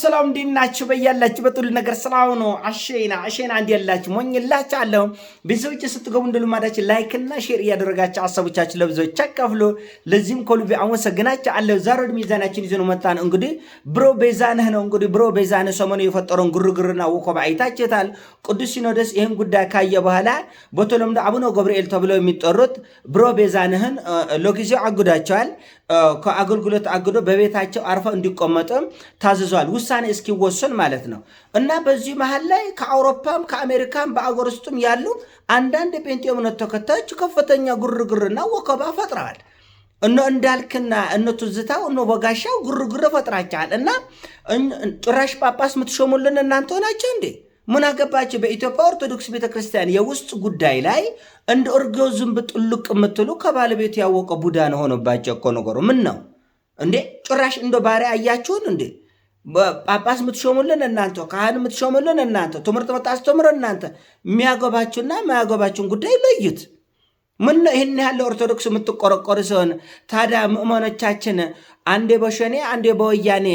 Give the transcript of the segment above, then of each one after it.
ሰላም እንዴት ናችሁ? በያላችሁበት ሁሉ ነገር ስራው ነው። አሸና አሸና እንዲያላችሁ ሞኝላችሁ አለው። ቤተሰቦች ስትገቡ እንደልማዳችሁ ላይክ እና ሼር እያደረጋችሁ አሳቦቻችሁ ለብዙዎች አካፍሉ። ለዚህም ከልቤ አመሰግናችሁ አለሁ። ዛሬ ወደ ሚዛናችን ይዘን መጣን። እንግዲህ ብሮ ቤዛነህ ነው እንግዲህ ብሮ ቤዛነህ ሰሞኑ የፈጠረውን ግርግርና ወከባ አይታችሁታል። ቅዱስ ሲኖዶስ ይህን ጉዳይ ካየ በኋላ በተለምዶ አቡነ ገብርኤል ተብለው የሚጠሩት ብሮ ቤዛነህን ለጊዜው አግዷቸዋል። ከአገልግሎት አግዶ በቤታቸው አርፈው እንዲቆመጥም ታዝዟል። ውሳኔ እስኪወሰን ማለት ነው እና በዚህ መሀል ላይ ከአውሮፓም ከአሜሪካም በአገር ውስጥም ያሉ አንዳንድ የጴንጤ እምነት ተከታዮች ከፍተኛ ግርግርና ወከባ ፈጥረዋል። እነ እንዳልክና እነ ትዝታው እነ በጋሻው ግርግር ፈጥራችኋል እና ጭራሽ ጳጳስ የምትሾሙልን እናንተ ናቸው እንዴ? ምን አገባቸው? በኢትዮጵያ ኦርቶዶክስ ቤተክርስቲያን የውስጥ ጉዳይ ላይ እንደ እርጎ ዝንብ ጥልቅ የምትሉ ከባለቤቱ ያወቀ ቡዳን ሆነባቸው እኮ ነገሩ። ምን ነው እንዴ? ጭራሽ እንደ ባሪያ አያችሁን እንዴ? ጳጳስ የምትሾሙልን እናንተ፣ ካህን የምትሾሙልን እናንተ፣ ትምህርት የምታስተምሩ እናንተ። የሚያገባችሁና የማያገባችሁን ጉዳይ ለዩት። ምን ነው ይህን ያለ ኦርቶዶክስ የምትቆረቆር ሲሆን ታዲያ ምእመኖቻችን አንዴ በሸኔ አንዴ በወያኔ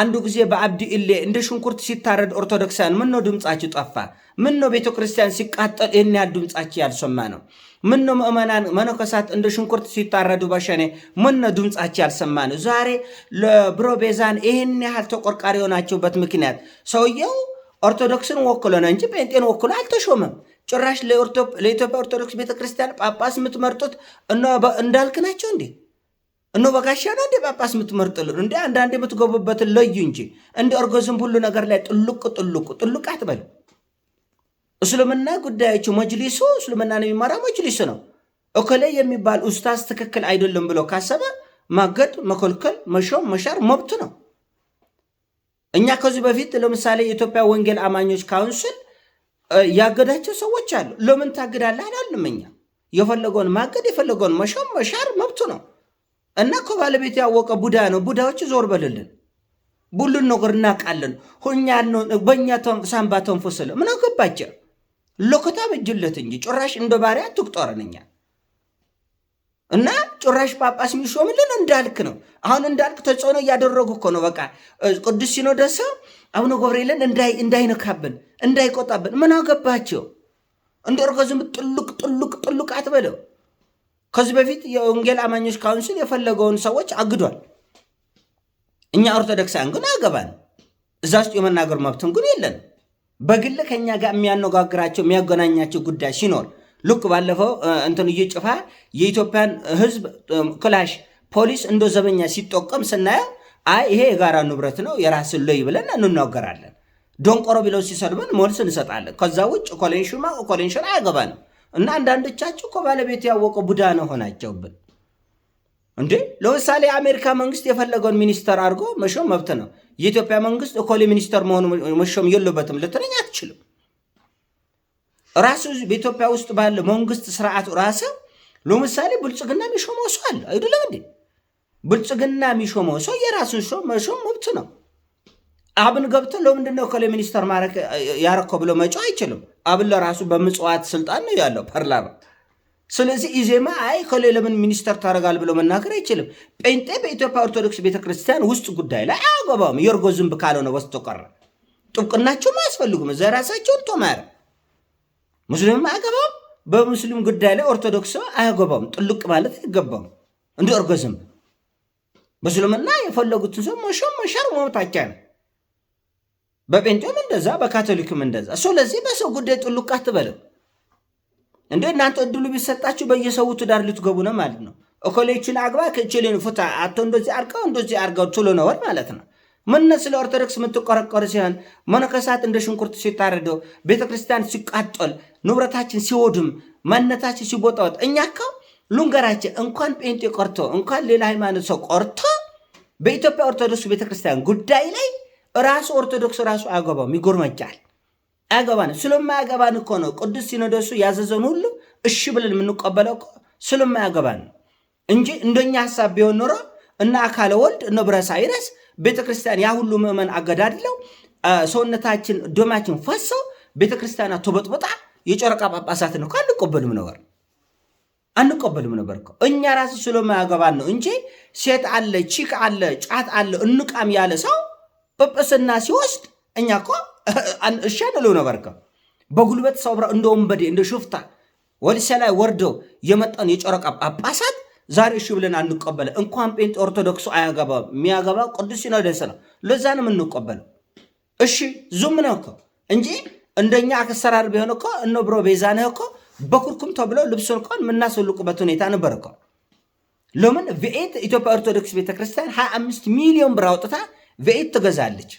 አንዱ ጊዜ በአብዲ ኢሌ እንደ ሽንኩርት ሲታረድ ኦርቶዶክሳን ምን ነው ድምፃችሁ ጠፋ? ምን ነው ቤተ ክርስቲያን ሲቃጠል ይህን ያህል ድምፃችሁ ያልሰማ ነው? ምን ነው ምእመናን መነኮሳት እንደ ሽንኩርት ሲታረዱ በሸኔ ምን ነው ድምፃችሁ ያልሰማ ነው? ዛሬ ለብሮ ቤዛን ይህን ያህል ተቆርቋሪ የሆናችሁበት ምክንያት ሰውየው ኦርቶዶክስን ወክሎ ነው እንጂ ጴንጤን ወክሎ አልተሾመም። ጭራሽ ለኢትዮጵያ ኦርቶዶክስ ቤተክርስቲያን ጳጳስ የምትመርጡት እንዳልክ ናቸው እንዴ? እኖ በጋሻ ነው እንዴ ጳጳስ የምትመርጡልን? እንደ አንዳንድ የምትገቡበትን ለዩ እንጂ እንደ ኦርጎዝም ሁሉ ነገር ላይ ጥልቁ ጥልቁ ጥልቅ አትበሉ። እስልምና ጉዳዮቹ መጅሊሱ እስልምናን የሚመራ መጅሊሱ ነው። እከላይ የሚባል ኡስታዝ ትክክል አይደለም ብሎ ካሰበ ማገድ፣ መኮልከል፣ መሾም፣ መሻር መብቱ ነው። እኛ ከዚህ በፊት ለምሳሌ የኢትዮጵያ ወንጌል አማኞች ካውንስል ያገዳቸው ሰዎች አሉ። ለምን ታግዳለህ አላልንም እኛ። የፈለገውን ማገድ የፈለገውን መሾም መሻር መብቱ ነው እና እኮ ባለቤት ያወቀ ቡዳ ነው። ቡዳዎች ዞር በልልን። ሁሉን ነገር እናቃለን። ሁኛ በእኛ ሳንባ ተንፎስለ ምን አገባቸው? ሎከታ በጅለት እንጂ ጭራሽ እንደ ባሪያ ትቁጠረን እኛ እና ጭራሽ ጳጳስ የሚሾምልን እንዳልክ ነው። አሁን እንዳልክ ተጽዕኖ እያደረጉ እኮ ነው። በቃ ቅዱስ ሲኖዶስ አቡነ ገብርኤልን እንዳይነካብን እንዳይቆጣብን ምን አገባቸው? እንደ ኦርገዝም ጥሉቅ ጥሉቅ ጥሉቅ አትበለው። ከዚህ በፊት የወንጌል አማኞች ካውንስል የፈለገውን ሰዎች አግዷል። እኛ ኦርቶዶክሳን ግን አገባን። እዛ ውስጥ የመናገር መብትን ግን የለን። በግል ከእኛ ጋር የሚያነጋግራቸው የሚያገናኛቸው ጉዳይ ሲኖር ልክ ባለፈው እንትን እየጭፋ የኢትዮጵያን ህዝብ ክላሽ ፖሊስ እንደ ዘበኛ ሲጠቀም ስናየው አይ ይሄ የጋራ ንብረት ነው የራስን ለይ ብለን እንናገራለን። ዶንቆሮ ብለው ሲሰድበን መልስ እንሰጣለን። ከዛ ውጭ ኮሌንሽማ ኮሌንሽን አያገባንም። እና አንዳንዶቻችሁ እኮ ባለቤት ቡዳ ነው ሆናቸውብን እንዴ ለምሳሌ የአሜሪካ መንግስት የፈለገውን ሚኒስተር አድርጎ መሾም መብት ነው። የኢትዮጵያ መንግስት እኮሌ ሚኒስተር መሆኑ መሾም የለበትም ልትለኝ አትችልም። ራሱ በኢትዮጵያ ውስጥ ባለ መንግስት ስርዓቱ ራሰ ለምሳሌ ብልጽግና የሚሾመው ሰው አለ አይደለም እንዴ? ብልጽግና የሚሾመው ሰው የራሱን ሰው መሾም መብት ነው። አብን ገብቶ ለምንድነው ከላይ ሚኒስተር ማድረግ ያረከው ብሎ መጮ አይችልም። አብን ለራሱ በምጽዋት ስልጣን ነው ያለው ፓርላማ። ስለዚህ ኢዜማ አይ ከላይ ለምን ሚኒስተር ታደርጋል ብሎ መናገር አይችልም። ጴንጤ በኢትዮጵያ ኦርቶዶክስ ቤተክርስቲያን ውስጥ ጉዳይ ላይ አያገባውም፣ የርጎ ዝንብ ካልሆነ በስተቀር ጥብቅናቸውም አያስፈልጉም። እዛ ራሳቸውን ቶማያረ ሙስሊምም አያገባውም። በሙስሊም ጉዳይ ላይ ኦርቶዶክስ አያገባውም። ጥልቅ ማለት አይገባውም። እንዲ እርጎ ዝም የፈለጉትን ሰው መሾም መሻር መብታቸው ነው። በጴንጤም እንደዛ፣ በካቶሊክም እንደዛ። ስለዚህ በሰው ጉዳይ ጥልቅ አትበለው። እንደ እናንተ እድሉ ቢሰጣችሁ በየሰው ትዳር ልትገቡ ነው ማለት ነው። እኮሌችን አግባ ክችልን ፍታ አቶ እንደዚህ አርገው እንደዚህ አርገው ትሎ ነወር ማለት ነው። ምነ ስለ ኦርቶዶክስ የምትቆረቆር ሲሆን መነኮሳት እንደ ሽንኩርት ሲታረደው ቤተክርስቲያን ሲቃጠል ንብረታችን ሲወድም ማንነታችን ሲቦጣወጥ እኛ እኮ ሉንገራችን እንኳን ጴንጤ ቆርቶ እንኳን ሌላ ሃይማኖት ሰው ቆርቶ በኢትዮጵያ ኦርቶዶክስ ቤተክርስቲያን ጉዳይ ላይ ራሱ ኦርቶዶክስ ራሱ አያገባውም፣ ይጎርመጃል። አያገባን ስለማያገባን እኮ ነው ቅዱስ ሲኖዶሱ ያዘዘን ሁሉ እሺ ብለን የምንቀበለው እኮ ስለማያገባን ነው እንጂ እንደኛ ሀሳብ ቢሆን ኖሮ እና አካለ ወልድ እነ ብረሳ ይረስ ቤተክርስቲያን ያ ሁሉ ምእመን አገዳድለው ሰውነታችን ደማችን ፈሰው ቤተክርስቲያና ተበጥበጣ የጨረቃ ጳጳሳትን እኮ አንቀበልም ነበር አንቀበልም ነበር እኮ እኛ ራሱ ስለማያገባን ነው እንጂ ሴት አለ፣ ቺክ አለ፣ ጫት አለ፣ እንቃም ያለ ሰው ጵጵስና ሲወስድ እኛ እኮ እሺ አንለው ነበር እኮ በጉልበት ሰው እንደ ወንበዴ እንደ ሹፍታ ወዲሰ ላይ ወርደው የመጣን የጨረቃ ጳጳሳት ዛሬ እሺ ብለን አንቀበለ። እንኳን ጴንጤ ኦርቶዶክሱ አያገባ የሚያገባ ቅዱስ ሲኖዶስ ነው። ለዛ ነው የምንቀበለው። እሺ ዙም ነው እኮ እንጂ እንደኛ አሰራር ቢሆን እኮ እነ ብሮ እኮ በኩርኩም ተብሎ ልብሱን እኮ የምናስወልቁበት ሁኔታ ነበር እኮ። ሎምን ቪኤት ኢትዮጵያ ኦርቶዶክስ ቤተክርስቲያን 25 ሚሊዮን ብር አውጥታ ቪኤት ትገዛለች።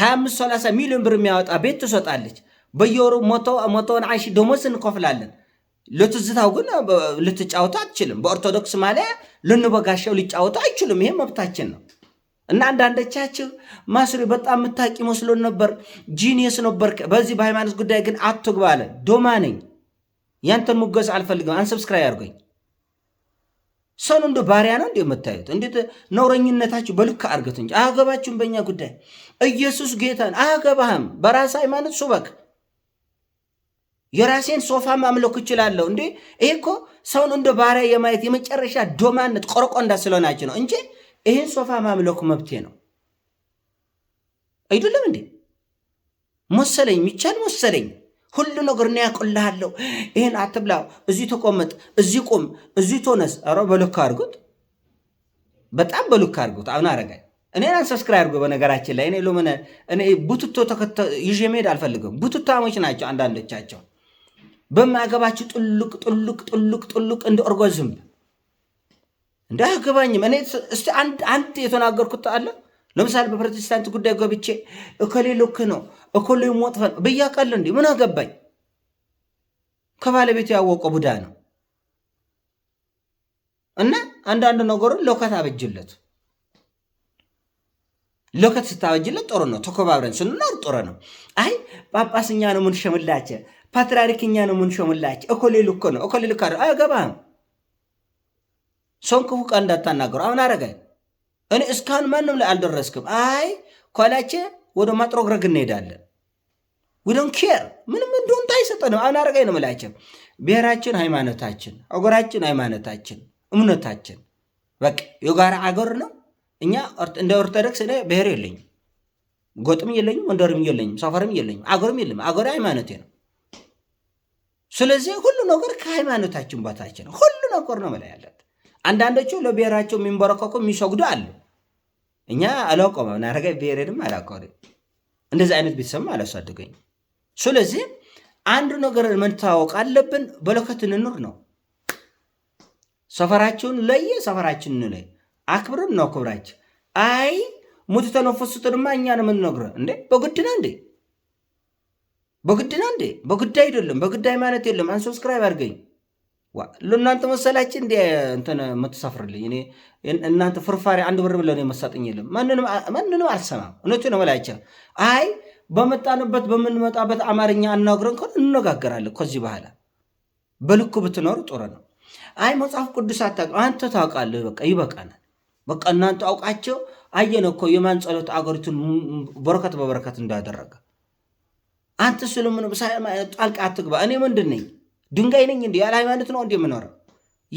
2530 ሚሊዮን ብር የሚያወጣ ቤት ትሰጣለች። በየወሩ ሞቶን አንሺ ደሞዝ እንከፍላለን። ልትዝታው ግን ልትጫወቱ አትችልም። በኦርቶዶክስ ማሊያ ልንበጋሸው ሊጫወቱ አይችሉም። ይሄ መብታችን ነው። እና አንዳንዶቻችሁ ማስሪ በጣም የምታውቂ መስሎን ነበር፣ ጂኒየስ ነበር። በዚህ በሃይማኖት ጉዳይ ግን አትግባ አለ። ዶማ ነኝ፣ ያንተን ሙገስ አልፈልግም። አንሰብስክራይ አድርገኝ። ሰኑ እንደ ባሪያ ነው እንደ የምታዩት። እንዴት ነውረኝነታችሁ በልክ አርገት እንጂ አያገባችሁም። በእኛ ጉዳይ ኢየሱስ ጌታን አያገባህም። በራስ ሃይማኖት ሱበክ የራሴን ሶፋ ማምለክ እችላለሁ እንዴ? ይሄ እኮ ሰውን እንደ ባሪያ የማየት የመጨረሻ ዶማነት ቆረቆንዳ ስለሆናችሁ ነው እንጂ ይህን ሶፋ ማምለኩ መብቴ ነው አይደለም እንዴ? መሰለኝ የሚቻል መሰለኝ ሁሉ ነገር ነው ያቆልሃለሁ። ይህን አትብላ፣ እዚህ ተቆመጥ፣ እዚህ ቁም፣ እዚህ ተነስ። ኧረ በልክ አድርጉት፣ በጣም በልክ አድርጉት። አሁን አረጋኝ እኔን አንሰብስክራይብ አድርጎ። በነገራችን ላይ እኔ ሎምነ እኔ ቡትቶ ተከተ ይዤ መሄድ አልፈልግም። ቡትታሞች ናቸው አንዳንዶቻቸው በማገባቸው ጥልቅ ጥልቅ ጥልቅ ጥልቅ እንደ እርጎ ዝንብ እንደ አያገባኝም። እኔ እስቲ አንድ የተናገርኩት አለ። ለምሳሌ በፕሮቴስታንት ጉዳይ ገብቼ እከሌ ልክ ነው እከሌ ሞጥፈን ብያቀል እንዲ ምን አገባኝ? ከባለቤቱ ያወቀ ቡዳ ነው። እና አንዳንድ ነገሩን ለውከት አበጅለት። ለውከት ስታበጅለት ጥሩ ነው። ተከባብረን ስንኖር ጥሩ ነው። አይ ጳጳስኛ ነው ምን ሸምላቸ ፓትርያርክኛ ነው ምን ሸምላቸ እኮሌ ልኮ ነው እኮሌ ልካ አያገባህም ክፉ ቃል እንዳታናገሩ አሁን አረገ እኔ እስካሁን ማንም ላይ አልደረስክም። አይ ኳላቸ ወደ ማጥሮግረግ እንሄዳለን። ዊዶን ኬር ምንም እንደሆንታ አይሰጠንም። አሁን አረጋኝ ነው ምላቸው ብሔራችን፣ ሃይማኖታችን፣ አገራችን፣ ሃይማኖታችን፣ እምነታችን በቃ የጋራ አገር ነው። እኛ እንደ ኦርቶዶክስ እኔ ብሔር የለኝም፣ ጎጥም የለኝም፣ ወንደርም የለኝም፣ ሰፈርም የለኝም፣ አገርም የለም። አገር ሃይማኖቴ ነው። ስለዚህ ሁሉ ነገር ከሃይማኖታችን በታችን ሁሉ ነገር ነው መላ ያለን አንዳንዶቹ ለብሔራቸው የሚንበረከኩ የሚሰግዱ አሉ። እኛ አላውቀም ናረጋ ብሔሬንም አላውቀው እንደዚህ አይነት ቤተሰብ አላሳደገኝ። ስለዚህ አንዱ ነገር መታወቅ አለብን። በለከት እንኑር ነው። ሰፈራችሁን ለየ ሰፈራችን ላይ አክብርን ነው ክብራችን። አይ ሙት ተነፈሱት ድማ እኛ ነው የምንነግረ እንዴ? በግድና እንዴ? በግድና እንዴ? በግድ አይደለም። በግዳይ ማለት የለም። አንሰብስክራይብ አድርገኝ ለእናንተ መሰላችሁ እንደ እንትን የምትሰፍርልኝ እኔ እናንተ ፍርፋሪ አንድ ብር ብለን መሳጠኝ የለም። ማንንም አልሰማም። እውነቱ ነው መላቻ አይ በመጣንበት በምንመጣበት አማርኛ አናግረን ከሆነ እንነጋገራለን። ከዚህ በኋላ በልኩ ብትኖሩ ጥሩ ነው። አይ መጽሐፍ ቅዱስ አታውቅም አንተ ታውቃለህ። በቃ ይበቃናል። በቃ እናንተ አውቃቸው አየን እኮ የማን ጸሎት አገሪቱን በረከት በበረከት እንዳደረገ አንተ ስለምን ጣልቃ አትግባ። እኔ ምንድን ነኝ? ድንጋይ ነኝ እንዲ ያለ ሃይማኖት ነው እንዲ የምኖረው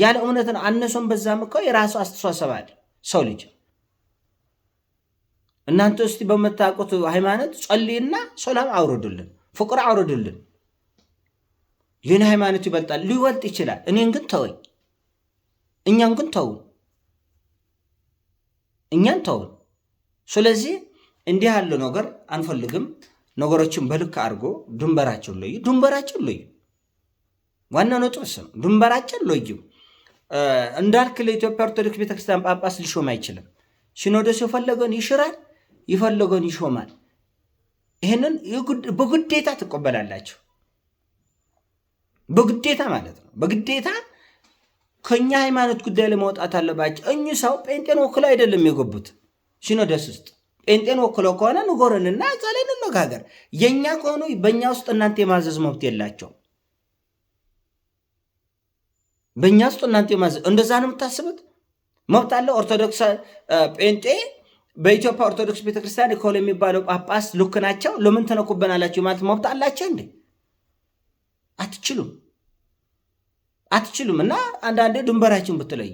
ያለ እውነት ነው። አነሶም በዛም እኮ የራሱ አስተሳሰብ አለ ሰው ልጅ። እናንተ እስቲ በምታውቁት ሃይማኖት ጸልይና ሰላም አውርዱልን፣ ፍቅር አውርዱልን። የኔ ሃይማኖት ይበልጣል፣ ሊወልጥ ይችላል። እኔን ግን ተወኝ፣ እኛን ግን ተውን፣ እኛን ተው። ስለዚህ እንዲህ ያለ ነገር አንፈልግም። ነገሮችን በልክ አድርጎ ድንበራቸውን ለዩ፣ ድንበራቸውን ለዩ። ዋናው ነጥብ እሱ ነው። ድንበራችን ሎጊው እንዳልክ ለኢትዮጵያ ኦርቶዶክስ ቤተክርስቲያን ጳጳስ ሊሾም አይችልም። ሲኖዶስ የፈለገውን ይሽራል፣ የፈለገውን ይሾማል። ይህንን በግዴታ ትቆበላላችሁ። በግዴታ ማለት ነው። በግዴታ ከእኛ ሃይማኖት ጉዳይ ለመውጣት አለባቸው። እኚህ ሰው ጴንጤን ወክሎ አይደለም የገቡት ሲኖደስ ውስጥ። ጴንጤን ወክሎ ከሆነ ንጎረንና እዛ እንነጋገር። የእኛ ከሆኑ በእኛ ውስጥ እናንተ የማዘዝ መብት የላቸው በእኛ ውስጥ እናንተ ማዘ እንደዛ ነው የምታስቡት? መብት አለ። ኦርቶዶክስ ጴንጤ በኢትዮጵያ ኦርቶዶክስ ቤተክርስቲያን ኮል የሚባለው ጳጳስ ልክ ናቸው። ለምን ትነኩበናላችሁ ማለት መብት አላቸው እንዴ? አትችሉም፣ አትችሉም። እና አንዳንዴ ድንበራችን ብትለዩ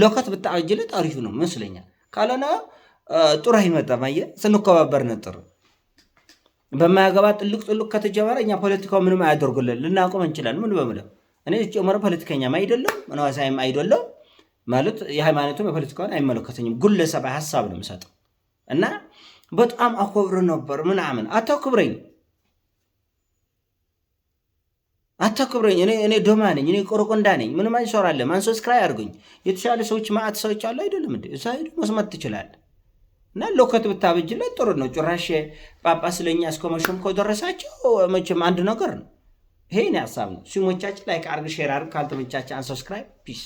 ሎከት ብታወጅለት ጠሪፉ ነው ይመስለኛል። ካልሆነ ጥሩ አይመጣም። አየህ ስንከባበር ጥሩ። በማያገባ ጥልቅ ጥልቅ ከተጀመረ እኛ ፖለቲካው ምንም አያደርጉልን ልናቆም እንችላል ምን በምለው እኔ ጨመረ ፖለቲከኛም አይደለም ነዋሳይም አይደለም ማለት የሃይማኖቱም የፖለቲካውን አይመለከተኝም። ግለሰብ ሀሳብ ነው የምሰጠው እና በጣም አኮብር ነበር ምናምን። አታክብረኝ፣ አታክብረኝ። እኔ ዶማ ነኝ፣ እኔ ቆረቆንዳ ነኝ። ምንም አይሰራለ ማን ሰብስክራይ አድርገኝ። የተሻለ ሰዎች ማአት ሰዎች አሉ አይደለም እንዴ? እዛ ሄዶ መስማት ትችላል። እና ሎከት ብታበጅለት ጥሩ ነው። ጭራሽ ጳጳስ ለኛ እስከ መሾም ከደረሳቸው መቼም አንድ ነገር ነው። ይሄን ያሳብ ነው። ስሞቻችን ላይክ አርግ፣ ሼር አርግ። ካልተመቻቸ አንሰብስክራይብ ፒስ